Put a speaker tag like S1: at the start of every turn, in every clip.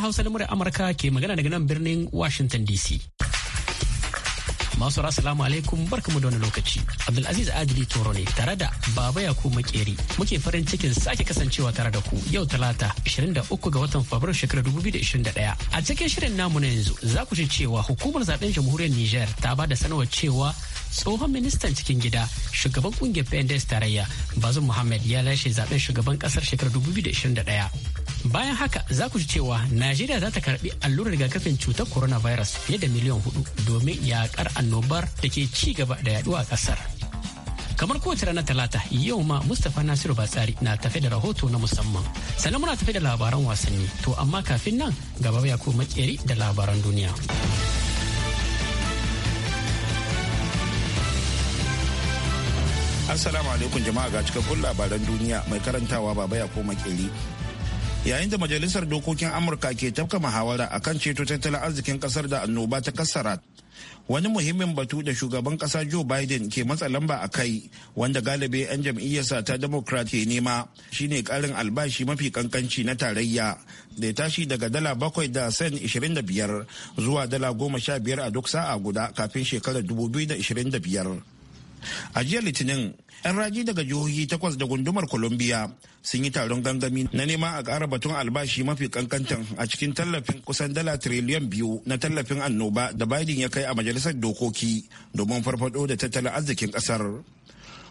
S1: Hausa na murar Amurka ke magana daga nan birnin Washington DC. Masu salamu alaikum barkamu da wani lokaci. Abdulaziz Adili Toro ne tare da Baba Yaku Makeri. Muke farin cikin sake kasancewa tare da ku yau Talata 23 ga watan Fabrairu shekarar 2021. A cikin shirin namu na yanzu za ku ci cewa hukumar zaben jamhuriyar Niger ta ba da sanarwar cewa tsohon ministan cikin gida shugaban kungiyar PNDS tarayya Bazum Muhammad ya lashe zaben shugaban kasar shekarar 2021. bayan haka za ku ji cewa najeriya za ta karbi allurar rigakafin cutar coronavirus fiye da miliyan hudu domin yakar annobar da ke ci gaba da yaduwa a kasar kamar kowace ranar talata yau ma mustapha nasiru batsari na tafe da rahoto na musamman sannan muna tafe da labaran wasanni to amma kafin nan gaba ya ko makeri da labaran duniya
S2: assalamu alaikum jama'a ga cikakkun labaran duniya mai karantawa baba ya ko makeri yayin da majalisar dokokin amurka ke tafka muhawara akan ceto tattalin arzikin kasar da annoba ta kassara wani muhimmin batu da shugaban kasa joe biden ke matsa lamba a kai wanda galibi 'yan jam'iyyarsa ta democrat ke nema shine karin albashi mafi kankanci na tarayya da ya tashi daga dala bakwai da sen 25 zuwa dala goma sha biyar a duk sa'a guda kafin shekarar 2025 a jiya litinin 'yan raji daga jihohi takwas da gundumar kolumbiya sun yi taron gangami na nema a ƙara batun albashi mafi kankantan a cikin tallafin kusan dala tiriliyan biyu na tallafin annoba da biden ya kai a majalisar dokoki domin farfado da tattalin arzikin ƙasar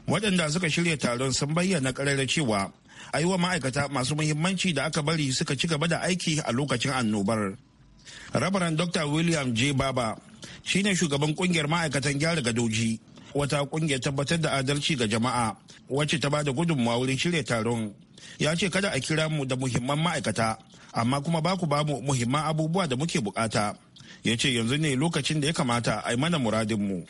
S2: waɗanda suka shirya taron sun bayyana ƙararra cewa a yi wa ma'aikata masu muhimmanci da aka bari suka ci gaba da aiki a lokacin annobar rabaran dr william j baba shine shugaban kungiyar ma'aikatan gyara gadoji wata kungiya tabbatar da adalci ga jama'a wacce ta ba da gudunmawa wurin shirya taron ya ce kada a kira mu da muhimman ma'aikata amma kuma ba ku ba mu muhimman abubuwa da muke bukata ya ce yanzu ne lokacin da ya kamata a yi mana muradinmu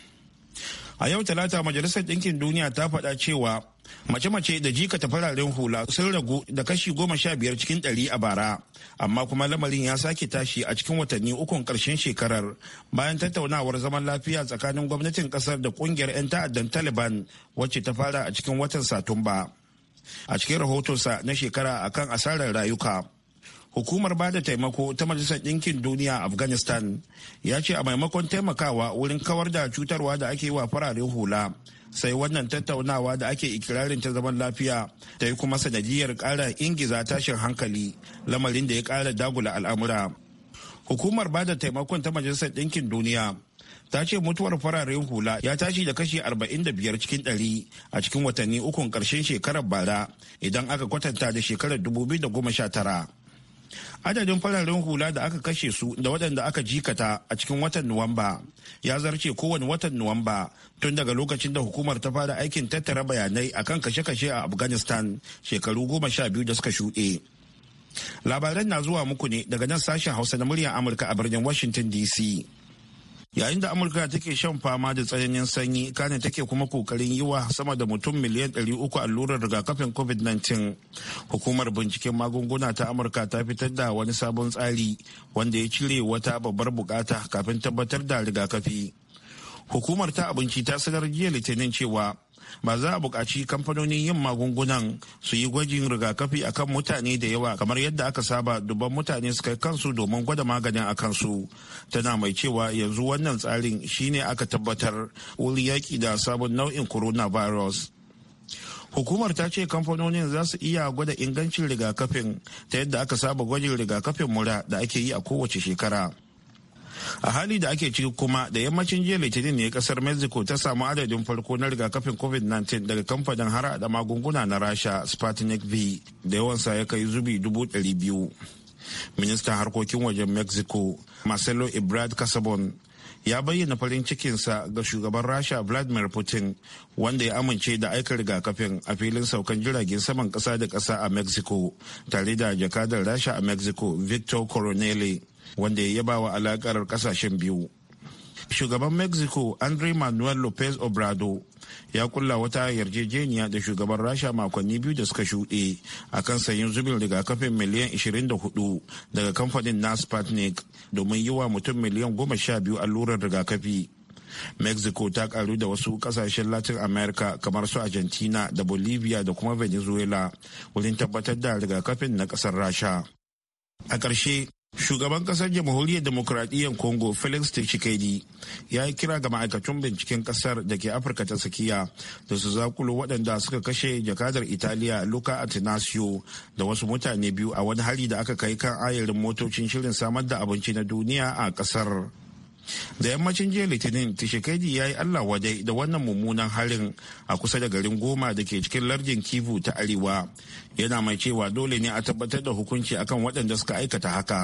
S2: a yau talata majalisar ɗinkin duniya ta faɗa cewa mace-mace da jikata fararen hula sun ragu da kashi goma sha biyar cikin ɗari a bara amma kuma lamarin ya sake tashi a cikin watanni ukun ƙarshen shekarar bayan tattaunawar zaman lafiya tsakanin gwamnatin ƙasar da ƙungiyar 'yan ta'addan taliban wacce ta fara a cikin watan satumba a cikin rahotonsa na shekara akan asarar rayuka hukumar ba da taimako ta majalisar ɗinkin duniya afghanistan ya ce a maimakon taimakawa wurin kawar da cutarwa da ake wa fararen hula sai wannan tattaunawa da ake ikirarin ta zaman lafiya ta yi kuma sanadiyar ƙara ingiza tashin hankali lamarin da ya ƙara dagula al'amura hukumar ba da taimakon ta majalisar ɗinkin duniya ta ce mutuwar fararen hula ya tashi da kashi 45 cikin 100 a cikin watanni ukun karshen shekarar bara idan aka kwatanta da shekarar 2019 adadin fararen hula da aka kashe su da waɗanda aka jikata a cikin watan nuwamba ya zarce kowane watan nuwamba tun daga lokacin da hukumar ta fara aikin tattara bayanai a kan kashe-kashe a afghanistan shekaru goma sha biyu da suka shuɗe labaran na zuwa muku ne daga nan sashen hausa na muryar amurka a birnin washington dc yayin da amurka take shan fama da tsananin sanyi kane take kuma kokarin yiwa sama da mutum miliyan 300 allurar rigakafin covid-19 hukumar binciken magunguna ta amurka ta fitar da wani sabon tsari wanda ya cire wata babbar bukata kafin tabbatar da rigakafi hukumar ta abinci ta sanar jiya litinin cewa ba za a buƙaci kamfanonin yin magungunan su yi gwajin rigakafi akan mutane da yawa kamar yadda aka saba dubban mutane su kai kansu domin gwada maganin a kansu tana mai cewa yanzu wannan tsarin shine aka tabbatar wuri yaƙi da sabon nau'in coronavirus hukumar ta ce kamfanonin za su iya gwada ingancin rigakafin ta yadda aka saba gwajin rigakafin mura da ake yi a kowace shekara. a hali da ake ciki kuma da yammacin jiya litinin ne kasar mexico ta samu adadin farko na rigakafin covid-19 daga kamfanin hara da magunguna na rasha sputnik v da yawansa ya kai zubi dubu ɗari biyu ministan harkokin wajen mexico marcelo ibrad casabon ya bayyana farin cikinsa ga shugaban rasha vladimir putin wanda ya amince da aika rigakafin a filin saukan jiragen saman kasa da kasa a mexico tare da jakadar rasha a mexico victor coronelli wanda ya yaba wa alakar kasashen biyu shugaban mexico andre manuel lopez obrado ya kulla wata yarjejeniya da shugaban rasha makonni biyu da suka shuɗe a kan sayin zubin rigakafin miliyan 24 daga kamfanin naspatnik domin yi wa mutum miliyan 12 allurar rigakafi mexico ta karu da wasu kasashen latin america kamar su argentina da bolivia da kuma venezuela wurin tabbatar da rigakafin na kasar rasha a ƙarshe Shugaban kasar jamhuriyar demokuraɗiyyar Congo Felix Tshisekedi ya yi kira ga ma'aikacin binciken kasar da ke Afirka ta tsakiya da su zakulo waɗanda suka kashe jakadar Italiya Luca Atanasio da wasu mutane biyu a wani hari da aka kai kan ayarin motocin shirin samar da abinci na duniya a kasar. da yammacin jiya litinin tishikedi ya yi allah wadai da wannan mummunan harin a kusa da garin goma da ke cikin larjin kivu ta arewa yana mai cewa dole ne a tabbatar da hukunci akan waɗanda suka aikata haka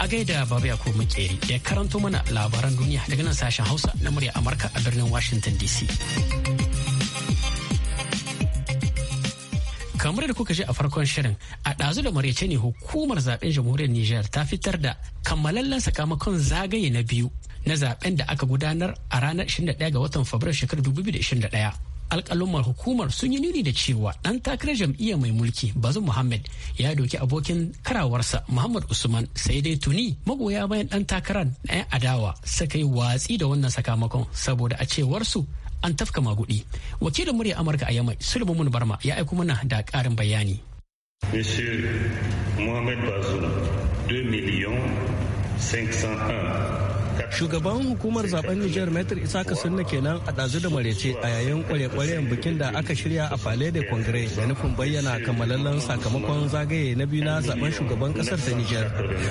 S1: a gaida babu ya komi keri ya karanto mana labaran duniya daga nan sashen hausa na murya amurka a birnin washington dc kamar da kuka ji a farkon shirin a ɗazu da marece ne hukumar zaɓen jamhuriyar nijar ta fitar da kammalallen sakamakon zagaye na biyu na zaɓen da aka gudanar a ranar 21 ga watan fabrairu shekarar 2021 alkalumar hukumar sun yi nuni da cewa ɗan takarar jam'iyyar mai mulki bazu muhammad ya doki abokin karawarsa muhammad usman sai dai tuni magoya bayan ɗan takarar na 'yan adawa suka yi watsi da wannan sakamakon saboda a cewarsu an tafka magudi wakilin murya amurka a yamai sulmumun barma ya aiko mana da karin bayani
S3: monsieur mohamed bazoum 2 million 501
S4: Shugaban hukumar zaben Nijar Metro Isaka Sunna kenan a ɗazu da marece a yayin kwale-kwalen bikin da aka shirya a Palais de Congrès da nufin bayyana kammalallen sakamakon zagaye na biyu na zaben shugaban ƙasar ta niger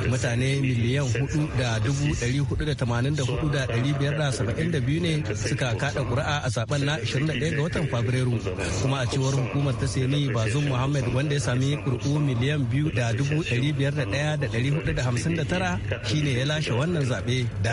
S4: Mutane miliyan hudu da dubu hudu da tamanin da hudu da biyar da saba'in da biyu ne suka kaɗa ƙuri'a a zaben na 21 ga watan Fabrairu. Kuma a cewar hukumar ta Seni Bazum Muhammad wanda ya sami ƙuri'u miliyan biyu da dubu biyar da ɗaya da hudu da hamsin da tara shine ya lashe wannan zaɓe da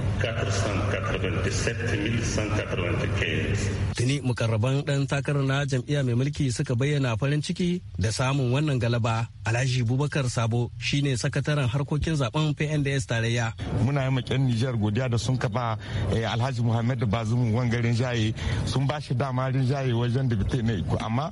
S4: Tuni mukarraban ɗan takarar na jam'iyya mai mulki suka bayyana farin ciki da samun wannan galaba. Alhaji Bubakar Sabo shine sakataren harkokin zaben PNDS tarayya. Muna yi maƙin Nijar godiya da sun kafa Alhaji
S5: Muhammadu Bazumu wangaren jaye sun ba shi dama jaye wajen da bitai na iko amma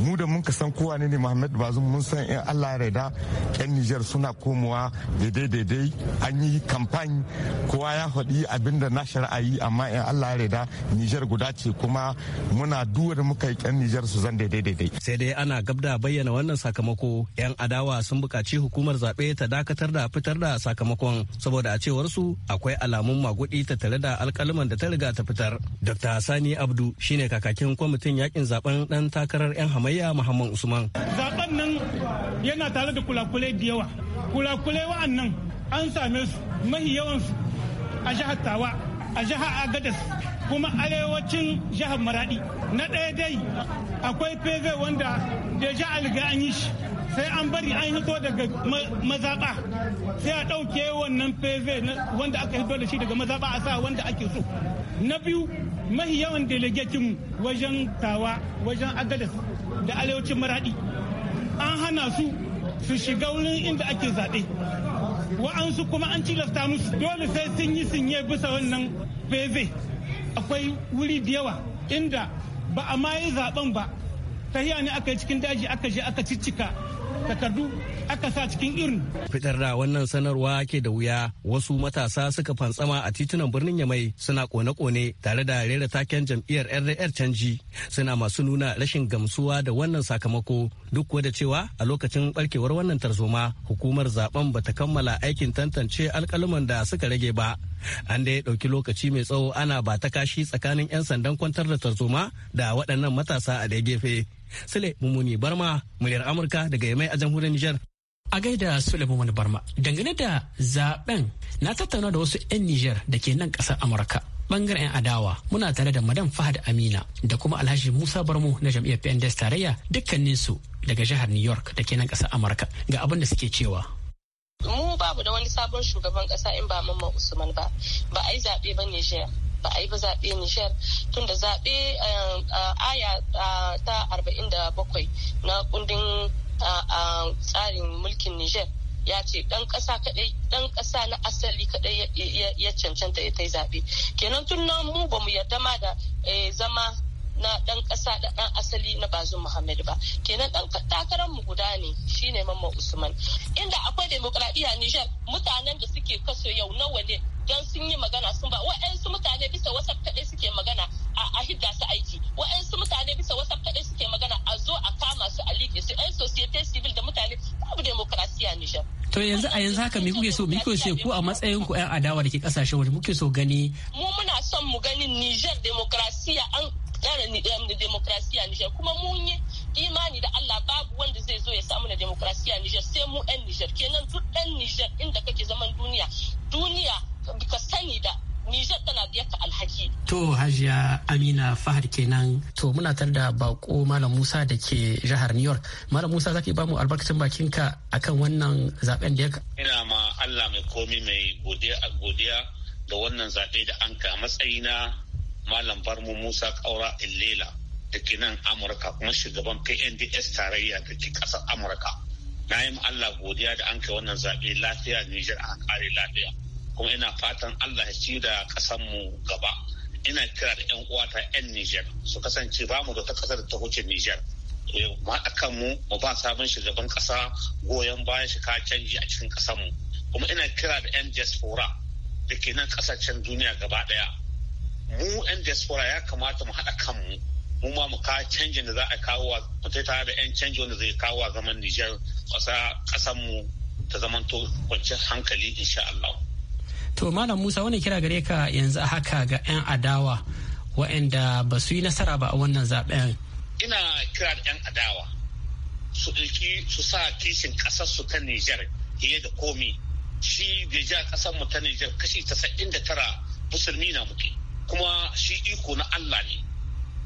S5: mu da mun san kowa ne Muhammadu Bazumu mun san in Allah ya raida 'yan Nijar suna komowa daidai daidai an yi kamfani kowa ya faɗi abin da na shari'ayi amma in Allah ya reda Nijar guda ce kuma muna duwar muka yi ƙyan Nijar su zan daidai
S4: daidai. Sai dai ana gabda bayyana wannan sakamako 'yan adawa sun buƙaci hukumar zaɓe ta dakatar da fitar da sakamakon saboda a cewar su akwai alamun magudi tare da alƙaluman da ta riga ta fitar. Dr. Sani Abdu shine kakakin kwamitin yakin zaben ɗan takarar 'yan hamayya Muhammad Usman. Zaben nan yana tare da kulakulai da yawa. Kulakulai wa'annan an same su mahi yawansu a jihar tawa a jihar agadas kuma arewacin jihar maradi na ɗaya dai akwai pv wanda da ja alga an yi shi sai an bari an hito daga mazaɓa sai a ɗauke wannan pv wanda aka hito da shi daga mazaɓa a sa wanda ake so na biyu mahi yawan delegatin wajen tawa wajen agadas da arewacin maradi an hana su su shiga wurin inda ake zaɓe
S3: wa'ansu kuma an tilasta musu dole sai sun yi sinye bisa wannan beze
S4: akwai wuri da yawa inda ba a ma yi zaɓen ba hiya ne aka yi cikin daji aka je aka ciccika takardu aka sa cikin irin. Fitar da wannan sanarwa ke da wuya wasu matasa suka fantsama a titunan birnin Yamai suna kone-kone tare da rera taken jam'iyyar RDR canji suna masu nuna rashin gamsuwa da wannan sakamako duk da cewa a lokacin barkewar wannan tarzoma hukumar zaben bata kammala aikin tantance alkalaman da suka rage ba an da ya ɗauki lokaci mai tsawo ana ba ta kashi tsakanin 'yan sandan kwantar da tarzoma da waɗannan matasa a da gefe
S1: sule mummuni barma muryar amurka daga yamai a jamhuriyar nijar a gaida sule mummuni barma dangane da zaben na tattauna da wasu 'yan nijar da ke nan kasar amurka bangaren adawa muna tare da madam fahad amina da kuma alhaji musa barmo na jam'iyyar pnds tarayya su daga jihar New York da ke nan ƙasar Amurka ga abin da suke cewa.
S6: Mu babu da wani sabon shugaban ƙasa in ba Mamman Usman ba, ba a yi zaɓe ba Nijar. ba a yi ba zaɓe Nijar Tunda zaɓe eh, eh, aya eh, ta da bakwai na kundin tsarin mulkin Nijar ya ce ɗan ƙasa kaɗai ɗan ƙasa na asali kaɗai ya cancanta ya ta yi zaɓe kenan tun nan mu ba mu yarda ma da zama na dan kasa da dan asali na bazin muhammad ba kenan dan takarar mu guda ne shine mamman usman inda akwai a nijar mutanen da suke kaso yau nawa ne don sun yi magana sun ba wa'ansu mutane bisa wasa kaɗai suke magana a hidda su aiki wa'ansu mutane bisa wasa kaɗai suke magana a zo a kama su a liƙe su yan societe civil da mutane babu demokrasiya nishar
S1: to yanzu a yanzu haka me kuke so me kuke so ku a matsayin ku yan adawa da ke kasashen wani kuke so gani
S6: mu muna son mu ganin nijar demokrasiya an Eh, ni demokrasiya Nijar kuma mun yi imani da Allah babu wanda zai zo ya samu na demokrasiya Nijar sai mu ɗan Nijar kenan duk ɗan Nijar inda kake zaman duniya duniya ka sani da Nijar tana da yaka
S1: alhaki. To Hajiya Amina Fahad kenan. To muna tar da bako Malam Musa da ke jihar New York. Malam Musa zaki ba mu albarkacin bakinka akan wannan zaben da ya
S3: Ina ma Allah mai komi mai godiya a godiya da wannan zaɓe da an ka na. malam barmu musa kaura illela da ke nan amurka kuma shugaban pnds tarayya da ke kasar amurka na yi allah godiya da an kai wannan zaɓe lafiya nijar a kare lafiya kuma ina fatan allah shi da mu gaba ina kira da yan uwata yan nijar su kasance ba mu da ta kasar ta wuce nijar ma mu mu ba sabon shugaban kasa goyon bayan shi ka canji a cikin mu kuma ina kira da yan diaspora da ke nan kasashen duniya gaba ɗaya. mu 'yan diaspora ya kamata mu haɗa kanmu mu ma mu kawo canjin da za a kawo wa mutai tare da 'yan canji wanda zai kawo wa zaman Nijar ƙasar mu ta to kwanciyar hankali insha Allah.
S1: To Malam Musa wani kira gare ka yanzu haka ga 'yan adawa waɗanda ba su yi nasara ba a wannan zaben.
S3: Ina kira da 'yan adawa su ɗauki su sa kishin ƙasar su ta Nijar fiye da komi. Shi Nijar ƙasar mu ta Nijar kashi tasa'in da tara musulmi na muke. kuma shi iko na Allah ne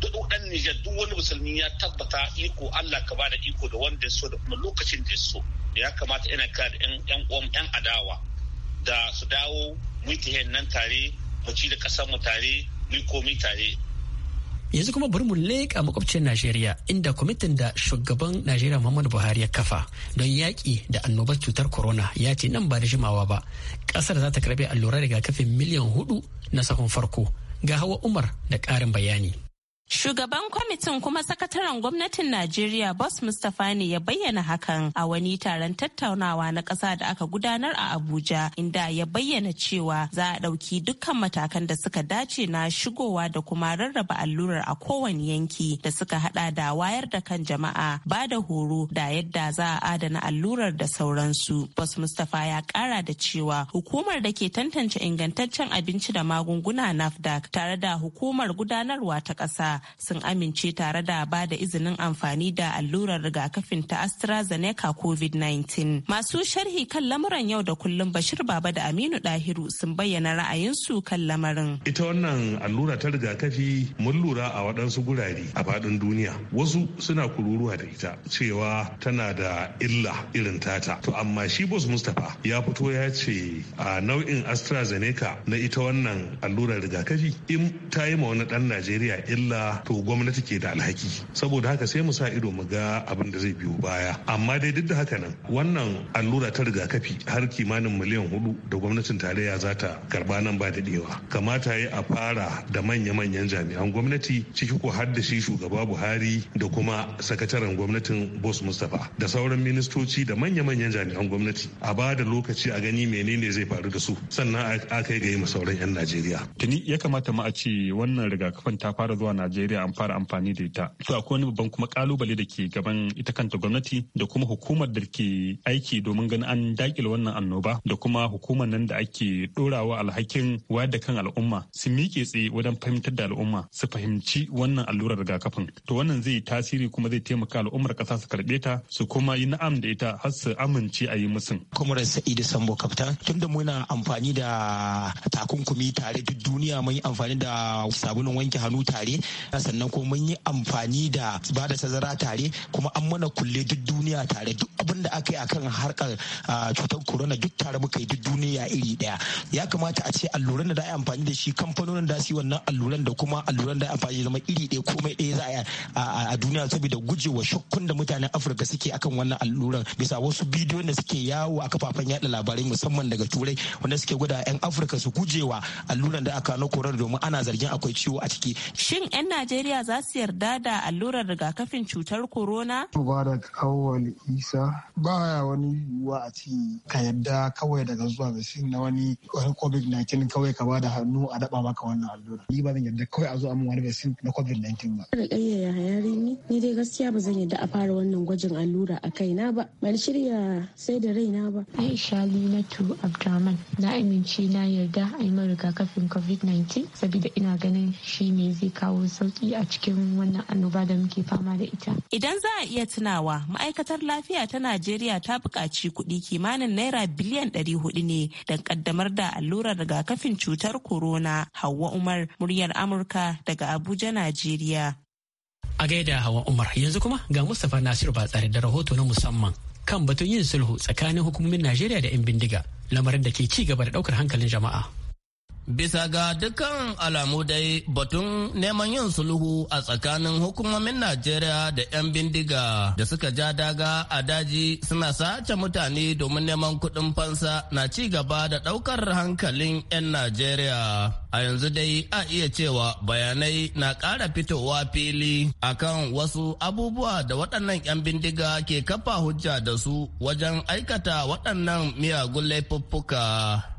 S3: duk ɗan Nijar duk wani musulmi ya tabbata iko Allah ka bada iko da wanda ya so da kuma lokacin da ya so ya kamata ina kira da yan uwan yan adawa da su dawo mu yi nan tare mu ci da kasar mu tare mu komi tare
S1: yanzu kuma bari mu leƙa makwabcin najeriya inda kwamitin da shugaban najeriya muhammadu buhari ya kafa don yaƙi da annobar cutar corona ya ce nan ba da jimawa ba ƙasar za ta karɓi allurar rigakafin miliyan hudu na sahun farko ga hawa umar da ƙarin bayani
S7: Shugaban kwamitin kuma sakataren gwamnatin Najeriya Bos Mustapha ne ya bayyana hakan a wani taron tattaunawa na ƙasa da aka gudanar a Abuja inda ya bayyana cewa za a ɗauki dukkan matakan da suka dace na shigowa da kuma rarraba allurar a kowane yanki da suka hada da wayar da kan jama'a ba da horo da yadda za a adana allurar da sauransu. Bos Mustapha ya ƙara da cewa hukumar da ke tantance ingantaccen abinci da magunguna NAFDAC tare da hukumar gudanarwa ta ƙasa sun amince tare da ba da izinin amfani da allurar rigakafin ta astrazeneca covid-19 masu sharhi kan lamuran yau da kullum bashir baba da aminu dahiru sun bayyana ra'ayinsu kan lamarin
S4: ita wannan
S3: allura ta rigakafi mun lura a waɗansu gurare a faɗin duniya wasu suna kururuwa da ita cewa tana da illa irin tata to amma shi bos mustapha ya fito ya ce a nau'in astrazeneca na ita wannan allurar rigakafi in ta yi ma wani ɗan najeriya illa to gwamnati ke da alhaki saboda haka sai mu sa ido mu ga abin da zai biyo baya amma dai duk da haka nan wannan allura ta rigakafi har kimanin miliyan hudu da gwamnatin tarayya za ta karba nan ba da dewa kamata yi a fara da manya-manyan jami'an gwamnati ciki ko har da shi shugaba buhari da kuma sakataren gwamnatin bos mustapha da sauran ministoci da manya-manyan jami'an gwamnati a ba da lokaci a gani menene zai faru da su sannan a kai ga yi sauran 'yan najeriya tuni ya kamata ma a ce wannan rigakafin ta fara zuwa najeriya Najeriya an fara amfani da ita. To akwai wani babban kuma kalubale da ke gaban ita kanta gwamnati da kuma hukumar da ke aiki domin ganin an dakile wannan annoba da kuma hukumar nan da ake dorawa alhakin wayar da kan al'umma su miƙe tsaye wajen fahimtar da al'umma su fahimci wannan allurar rigakafin. To wannan zai tasiri kuma zai taimaka al'ummar ƙasa su karɓe ta su kuma yi na'am da ita har su amince a yi musun. Kwamarar Sa'idu Sambo Kaftan tunda muna amfani da takunkumi tare duk duniya mun yi amfani da sabulun wanke hannu tare sannan kuma mun yi amfani da ba da tazara tare
S8: kuma an mana kulle duk duniya tare duk abin da aka yi akan harkar cutar corona duk tare muka yi duk duniya iri daya ya kamata a ce alluran da za a yi amfani da shi kamfanonin da su wannan alluran da kuma alluran da a amfani zama iri daya komai daya za a yi a duniya saboda gujewa shakkun da mutanen afirka suke akan wannan alluran bisa wasu bidiyon da suke yawo a kafafen yada labarai musamman daga turai wanda suke gwada yan afirka su gujewa alluran da aka na corona domin ana zargin akwai ciwo a ciki
S7: shin yan Najeriya za su yarda da allurar rigakafin cutar corona?
S8: Mubarak awal Isa ba ya wani yiwuwa a ci ka yarda kawai daga zuwa vaccine na wani COVID-19 kawai ka bada hannu a daba maka wannan allura. Ni ba zan yarda kawai a zo wani vaccine na COVID-19 ba.
S7: Da ƙayyaya hayari ni, ni dai gaskiya ba zan yarda a fara wannan gwajin allura a kaina ba. Ban shirya sai da raina ba. Aisha Linatu Abdurrahman na amince na yarda a yi rigakafin COVID-19 saboda ina ganin shi ne zai kawo sauki a cikin wannan annoba da muke fama da ita. Idan za a iya tunawa ma'aikatar lafiya ta Najeriya ta buƙaci kuɗi kimanin naira biliyan ɗari hudu ne don ƙaddamar da allurar rigakafin cutar corona. Hauwa Umar muryar Amurka daga Abuja, Najeriya.
S1: A gaida Hawa Umar yanzu kuma ga Mustapha Nasiru tsare da rahoto na musamman kan batun yin sulhu tsakanin hukumomin Najeriya da 'yan bindiga lamarin da ke ci gaba da ɗaukar hankalin jama'a. Bisa ga dukkan alamu
S9: dai batun neman yin sulhu a tsakanin hukumomin Najeriya da 'yan bindiga da suka ja daga a daji suna sace mutane domin neman kuɗin fansa na ci gaba da ɗaukar hankalin 'yan Najeriya. a yanzu dai a iya cewa bayanai na ƙara fitowa fili a kan wasu abubuwa da waɗannan 'yan bindiga ke kafa hujja da su wajen aikata waɗannan miyagun laifuffuka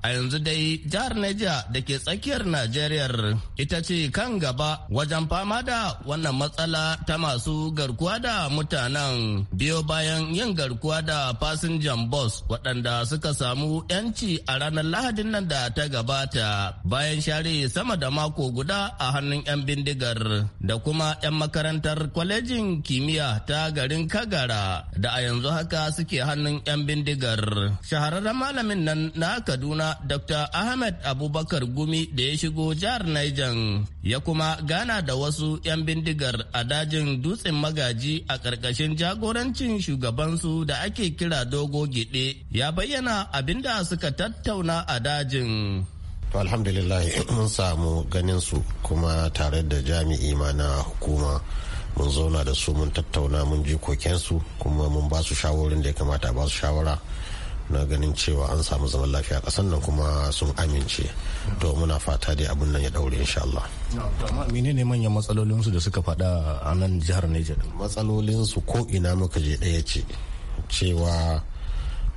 S9: a yanzu dai jihar Neja da ke tsakiyar Najeriya ita ce kan gaba wajen fama da wannan matsala ta masu garkuwa da mutanen biyo bayan yin garkuwa da fasinjan bus waɗanda suka samu 'yanci a ranar lahadin nan da ta gabata bayan sha yare sama da mako guda a hannun 'yan bindigar da kuma 'yan makarantar kwalejin kimiyya ta garin Kagara da a yanzu haka suke hannun 'yan bindigar. Shahararren malamin nan na Kaduna Dr. Ahmed Abubakar Gumi da ya shigo jihar Niger ya kuma gana da wasu 'yan bindigar a dajin dutsen magaji a ƙarƙashin jagorancin shugabansu da ake kira dogo gide ya bayyana abin da suka tattauna a dajin.
S5: to alhamdulillah mun samu ganin su kuma tare da jami'i ma na hukuma mun zauna da su mun tattauna mun ji kokensu kuma mun ba su shawarin da ya kamata ba su shawara na ganin cewa an samu zaman lafiya kasan nan kuma sun amince to muna fata dai abun nan ya daure insha Allah. mene ne manyan matsalolinsu da suka fada a nan jihar Niger? matsalolinsu ko ina muka je ɗaya ce cewa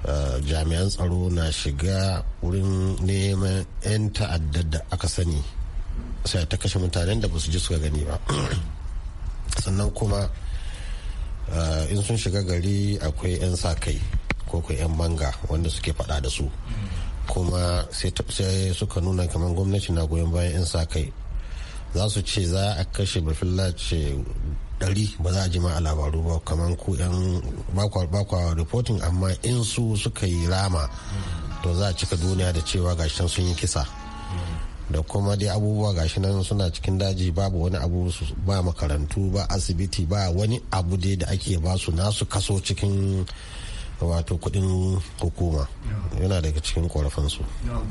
S5: Eh, jami'an tsaro na shiga wurin neman 'yan ta'addar da aka sani sai ta kashe mutanen da ba su ji suka gani ba sannan kuma eh, in sun shiga gari akwai 'yan sa kai ko kai 'yan banga wanda suke fada da su kuma sai suka nuna kamar gwamnati na goyon bayan 'yan sa kai za su ce za a kashe bafillace ɗari ba za a jima a labaru ba kamar ku yan bakwa reporting amma in su suka yi rama to za a cika duniya da cewa gashin sun yi kisa da kuma dai abubuwa gashi nan suna cikin daji babu wani abu ba makarantu ba asibiti ba wani abu dai da ake basu nasu kaso cikin wato kudin hukuma yana daga cikin korafansu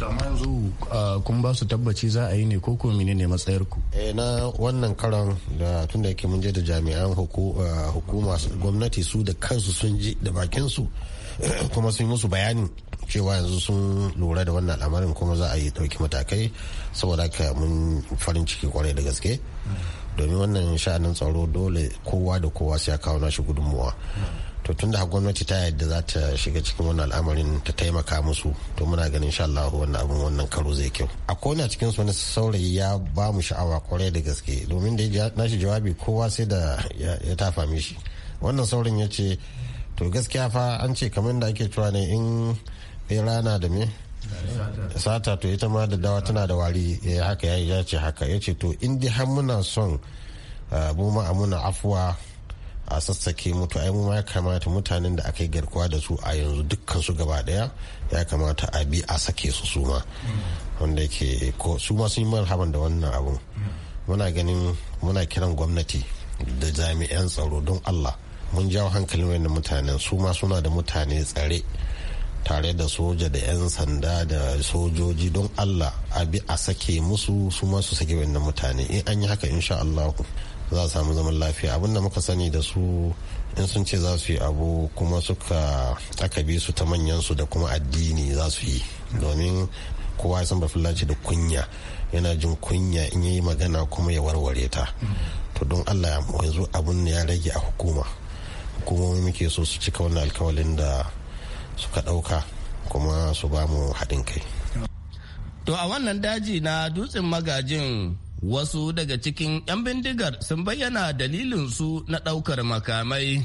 S5: amma yanzu ah, kun ba su tabbaci za a yi ne ko kuma ne matsayar ku eh, na wannan karan da da yake mun je da jami'an ah, hukuma gwamnati su da kansu sun ji da bakin su kuma sun musu bayanin cewa yanzu sun lura da wannan al'amarin kuma za a yi dauki matakai saboda haka mun farin ciki kwarai da gaske hmm. domin wannan sha'anin tsaro dole kowa da kowa sai ya kawo nashi gudunmuwa hmm. to tunda gwamnati ta yadda za ta shiga cikin wannan al'amarin ta taimaka musu to muna ganin insha Allah wannan abin wannan karo zai kyau a kona cikin su wani saurayi ya ba mu sha'awa kwarai da gaske domin da shi jawabi kowa sai da ya tafa mishi wannan saurin ya ce to gaskiya fa an ce kamar da ake cewa ne in rana da me sata to ita ma da dawa tana da wari eh, haka ya ce haka ya ce to in dai har muna son ah, mu ma'amuna afuwa a sassake mutu ai mu ya kamata mutanen da aka yi garkuwa da su a yanzu dukkan su gaba daya ya kamata a bi a sake su suma wanda ke ko su ma sun yi marhaban da wannan abun muna ganin muna kiran gwamnati da jami'an tsaro don allah mun jawo hankali wani mutanen su ma suna da mutane tsare tare da soja da 'yan sanda da sojoji don allah a bi a sake musu su ma su sake wannan mutane in an yi haka insha allahu za a samu zaman lafiya abinda muka sani da su in sun ce za su yi abu kuma suka aka bi su ta manyansu da kuma addini za su yi domin kowa ya san bafillaci da kunya yana jin kunya in yi magana kuma ya warware ta to don allah yanzu abun ya rage a hukuma hukumomi muke so su cika wannan alkawalin da suka ɗauka kuma su ba mu haɗin kai
S9: to a wannan daji na dutsen magajin wasu daga cikin 'yan bindigar sun bayyana dalilinsu na ɗaukar makamai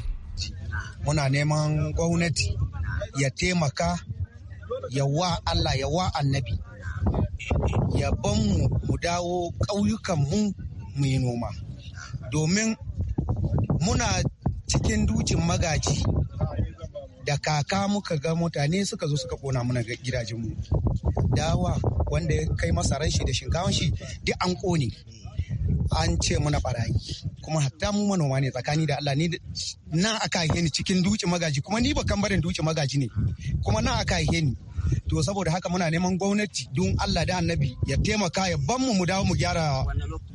S8: muna neman gwamnati ya taimaka yawa allah yawa annabi ya ban mu mu dawo ƙauyukanmu mu yi noma domin muna cikin dukin magaji da kaka muka ga mutane suka zo suka kona muna gidajenmu dawa wanda ya kai masaran shi da shinkawan shi duk an kone an ce muna barayi kuma hatta mu manoma ne tsakani da Allah ni na aka haife ni cikin duci magaji kuma ni bakan barin duci magaji ne kuma na aka haife ni to saboda haka muna neman gwamnati don Allah da annabi ya taimaka ya ban mu mu dawo mu gyara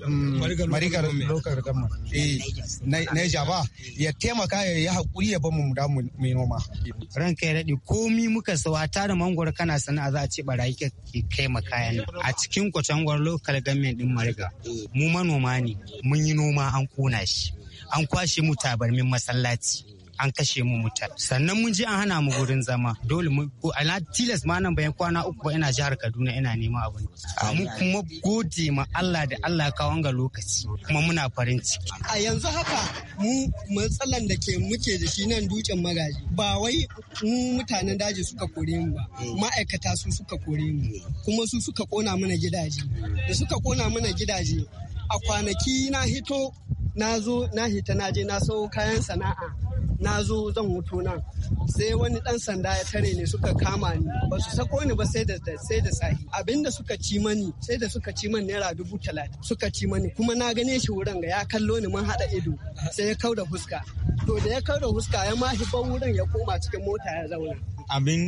S8: um, marigar lokar eh, ba ya taimaka ya yi hakuri ya ban mu mu dawo mu noma ranka ya daɗe komi muka sawata da mangwar kana sana'a za a ce barayi ke kai makayan
S3: a cikin kwatangwar lokar gamen din mariga
S8: mu manoma ne mun yi noma an kona shi an kwashe mu tabarmin masallaci an kashe mu mutane sannan mun je an hana mu gurin zama dole mu ana tilas ma nan bayan kwana uku ba ina jihar Kaduna ina neman abin mu kuma gode ma Allah da Allah kawo ga lokaci kuma muna farin ciki
S4: a yanzu haka mu matsalan da ke muke da shi nan dukin magaji ba wai mu mutanen daji suka kore mu ba ma'aikata su suka kore mu kuma su suka kona mana gidaje da suka kona mana gidaje a kwanaki na hito na zo na hita na je na sau kayan sana'a na zo zan wuto nan sai wani dan sanda ya tare ne suka kama ni ba su sako ni ba sai da sai da abinda suka ci mani sai da suka ci mani naira dubu talatin suka ci mani kuma na gane shi wurin ga ya kallo ni mun hada ido sai ya kauda fuska to da ya kauda fuska ya ma ban wurin ya koma cikin mota ya zauna
S3: abin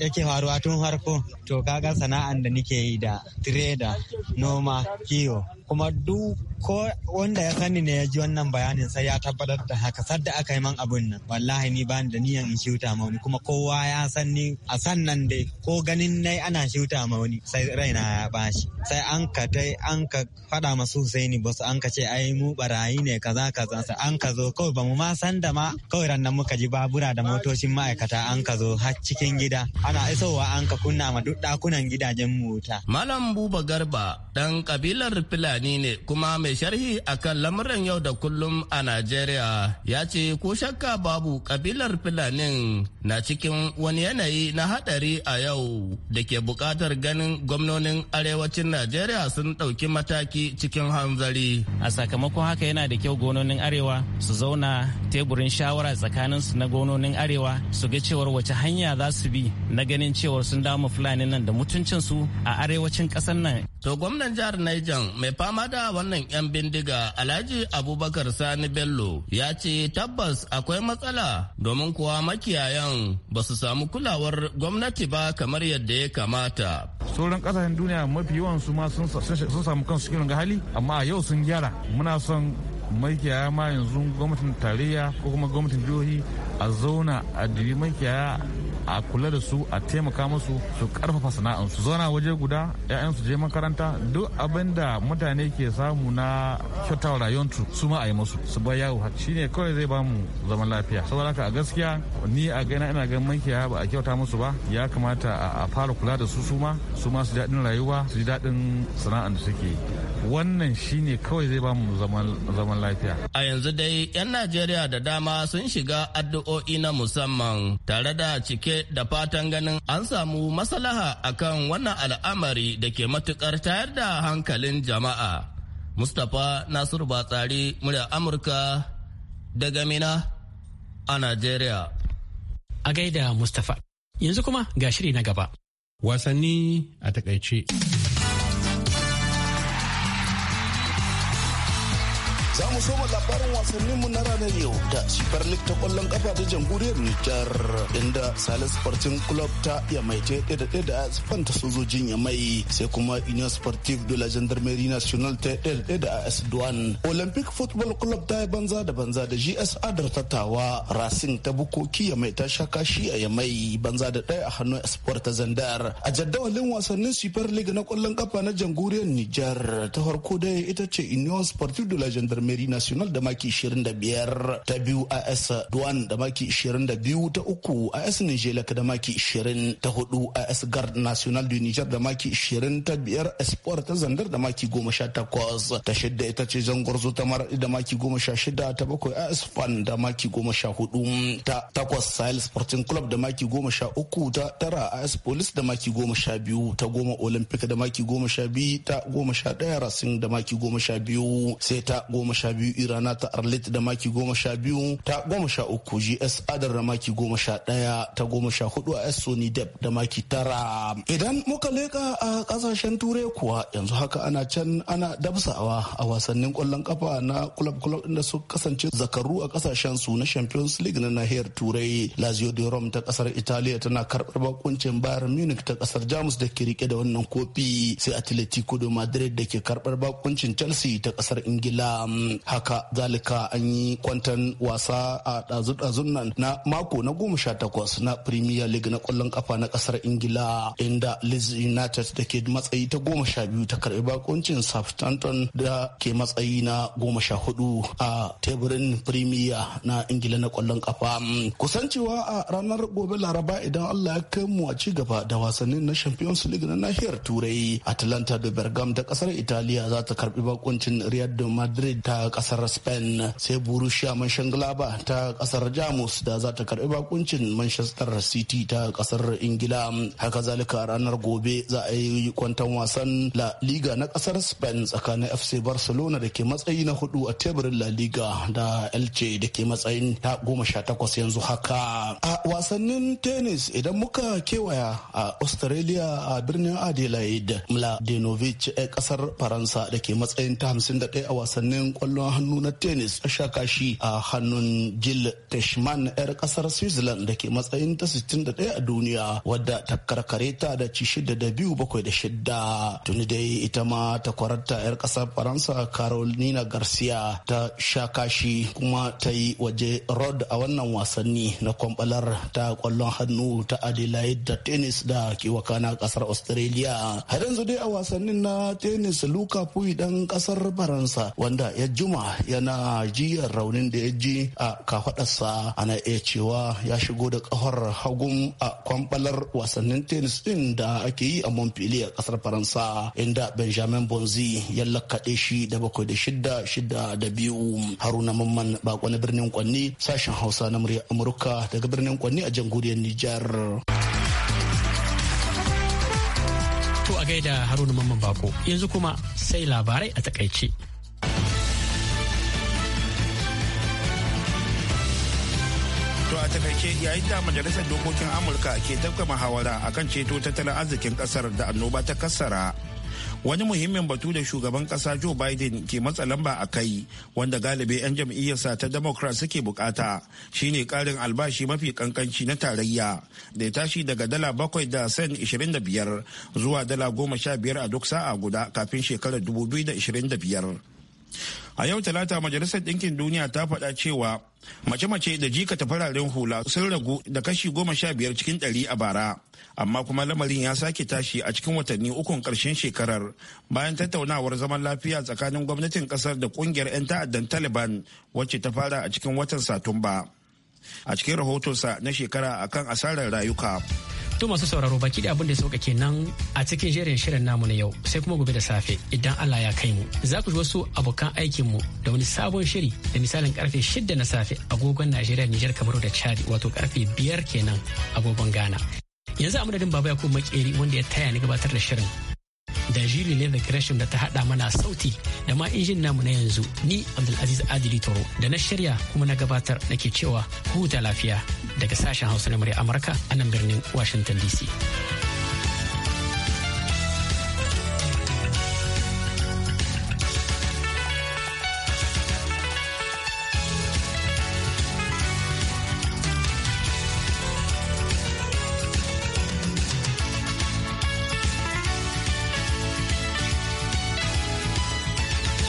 S3: yake faruwa tun harko to kaga sana'an da nike yi da tireda noma kiwo kuma duk ko wanda ya sani ne ya ji wannan bayanin sai ya tabbatar da haka sadda aka yi man abun nan wallahi ni ba da niyan in shuta ma wani kuma kowa ya san a sannan dai ko ganin nai ana shuta ma wani sai raina ya bashi sai an ka dai an ka faɗa masu sai ni basu an ka ce ai mu barayi ne kaza kaza sai an ka zo kawai ba ma san da ma kawai ran nan muka ji babura da motocin ma'aikata an ka zo har cikin gida ana isowa an ka kunna ma duk ɗakunan gidajen mota. Malam Buba Garba
S9: dan kabilar Fulani Sani ne kuma mai sharhi akan lamuran yau da kullum a Najeriya ya ce ko shakka babu kabilar Filanin na cikin wani yanayi na hadari a yau da ke bukatar ganin gwamnonin arewacin Najeriya sun ɗauki mataki cikin hanzari. A sakamakon haka yana da kyau gononin arewa su zauna teburin shawara tsakanin su na gononin arewa su ga cewar wace hanya za su bi na ganin cewar sun damu Fulani nan da mutuncin su a arewacin ƙasar nan. To gwamnan jihar Niger mai fama da wannan 'yan bindiga alhaji abubakar sani bello ya ce tabbas akwai matsala domin kuwa makiyayan ba su samu kulawar gwamnati ba kamar yadda ya kamata
S3: sauran kasashen duniya mafi yawan su ma sun samu kansu ga hali amma a yau sun gyara muna son makiyaya ma yanzu gwamnatin tarayya ko kuma gwamnatin jihohi a zauna a dubi makiyaya a kula da su a taimaka musu su karfafa sana'ar su zauna waje guda ƴaƴan su je makaranta duk abin da mutane ke samu na kyautawa rayuwar su ma a yi musu su bar yawo shine kawai zai bamu zaman lafiya saboda haka a gaskiya ni a gaina ina ganin manke ba a kyauta musu ba ya kamata a fara kula da su su ma su ma su daɗin rayuwa su ji daɗin sana'ar da suke wannan shine kawai zai bamu zaman lafiya
S9: a yanzu dai 'yan najeriya da dama sun shiga addu'o'i na musamman tare da cike da fatan ganin an samu maslaha akan wannan al'amari da ke matukar tayar da hankalin jama'a. Mustapha Nasiru Batsari murya Amurka daga Mina
S1: a Najeriya. A gaida Mustapha. Yanzu kuma ga shiri na gaba. Wasanni a takaice.
S8: Za mu ma labarin wasannin mu na ranar yau da shifar league ta kwallon kafa ta jamhuriyar Nijar inda Salis Sporting Club ta Yamaite ɗaya da da ASFAN ta sojojin Yamai sai kuma Union Sportive de la Gendarmerie Nationale ta ɗaya da AS Duan. Olympic Football Club ta yi banza da banza da GS Adar ta Racing ta Bukoki Yamai ta sha kashi a Yamai banza da ɗaya a hannun sport ta Zandar. A jadawalin wasannin Super League na kwallon kafa na jamhuriyar Nijar ta farko dai ita ce Union Sportive de la Gendarmerie gendarmerie national da maki 25 ta biyu as Duan da maki 22 ta uku as nijelak da maki 20 ta hudu as guard national du niger da maki 20 ta biyar espoir ta zandar da maki 18 ta shidda ita ce zangorzo ta mara da maki 16 ta bakwai as fan da maki 14 ta takwas sahel sporting club da maki 13 ta tara as police da maki 12 ta goma olympic da maki 12 ta goma 11 racing da maki 12 sai ta goma goma sha biyu irana ta arlit da maki goma sha biyu ta goma sha uku gs adar da maki goma sha daya ta goma sha hudu a sony deb da maki tara idan muka leka a kasashen turai kuwa yanzu haka ana can ana dabsawa a wasannin kwallon kafa na club club da su kasance zakaru a kasashen su na champions league na nahiyar turai lazio de rome ta kasar italiya tana karbar bakuncin bayern munich ta kasar jamus da ke rike da wannan kofi sai atletico de madrid da ke karbar bakuncin chelsea ta kasar ingila haka zalika an yi kwantan wasa a ɗazu-ɗazun nan na mako na goma sha takwas na premier league na ƙwallon kafa na ƙasar ingila inda leeds united da ke matsayi ta goma sha biyu ta karɓi bakuncin southampton da ke matsayi na goma sha hudu a teburin premier na ingila na ƙwallon kafa kusancewa a ranar gobe laraba idan allah ya kai mu a ci gaba da wasannin na champions league na nahiyar turai atalanta da bergam ta ƙasar italiya za ta karɓi bakuncin riyad madrid ta kasar spain sai borussia mönchengladbach ta kasar jamus da za ta karbi bakuncin manchester city ta kasar ingila haka zalika ranar gobe za a yi kwantan wasan la liga na kasar spain tsakanin fc barcelona da ke matsayi na hudu a teburin la liga da elche da ke matsayin ta goma sha takwas yanzu haka a wasannin tennis idan muka kewaya a australia a birnin adelaide mladenovic a eh, kasar faransa da ke matsayin ta 51 a wasannin kwallon hannu na tennis shaka shi a hannun jill tashman 'yar kasar switzerland da ke matsayin ta 61 a duniya wadda ta karkare ta da ci shida da biyu bakwai da shida tuni dai ita ma ta kwararta 'yar kasar faransa carolina garcia ta shaka shi kuma ta yi waje rod a wannan wasanni na kwambalar ta kwallon hannu ta adelaide da tennis da ke wakana kasar australia har yanzu dai a wasannin na tennis luka pui dan kasar faransa wanda ya juma yana jiyar raunin da ya ji a kafadarsa ana iya cewa ya shigo da kafar hagun a kwambalar wasannin tennis din da ake yi a montpellier kasar faransa inda benjamin bonzi ya lakkaɗe shi da bakwai da shida shida da biyu haruna mamman bako na birnin kwanni sashen hausa na murya amurka daga birnin kwanni a jamhuriyar nijar
S1: to a gaida haruna mamman bako yanzu kuma sai labarai a takaice
S2: takaice yayin da majalisar dokokin amurka ke tafka muhawara kan ceto tattalin arzikin kasar da annoba ta kassara wani muhimmin batu da shugaban kasa joe biden ke matsa lamba a kai wanda galibi 'yan jam'iyyarsa ta democrat suke bukata shine karin albashi mafi kankanci na tarayya da ya tashi daga dala bakwai da sen 25 zuwa dala goma sha biyar a duk sa'a guda kafin shekarar 2025 a yau talata majalisar ɗinkin duniya ta faɗa cewa mace-mace da jikata fararen hula sun ragu da kashi goma sha biyar cikin ɗari a bara amma kuma lamarin ya sake tashi a cikin watanni ukun ƙarshen shekarar bayan tattaunawar zaman lafiya tsakanin gwamnatin ƙasar da ƙungiyar 'yan ta'addan taliban wacce ta fara a cikin watan satumba a cikin rahotonsa na shekara akan asarar rayuka
S1: To masu sauraro baki da abin da sauka kenan a cikin jerin shirin namu na yau sai kuma gobe da safe idan Allah ya kai mu. Za ku ji wasu abokan aikin mu da wani sabon shiri da misalin karfe shida na safe agogon Najeriya niger Kamaru da Chad wato karfe biyar kenan agogon Ghana. Yanzu a madadin Baba Yakubu Makeri wanda ya taya ni gabatar da shirin da ne da Gresham da ta hada mana sauti da ma injin namu na yanzu ni Abdulaziz Adili Toro da na shirya kuma na gabatar nake cewa huta lafiya daga sashen Hausa na murya Amurka a nan birnin Washington DC.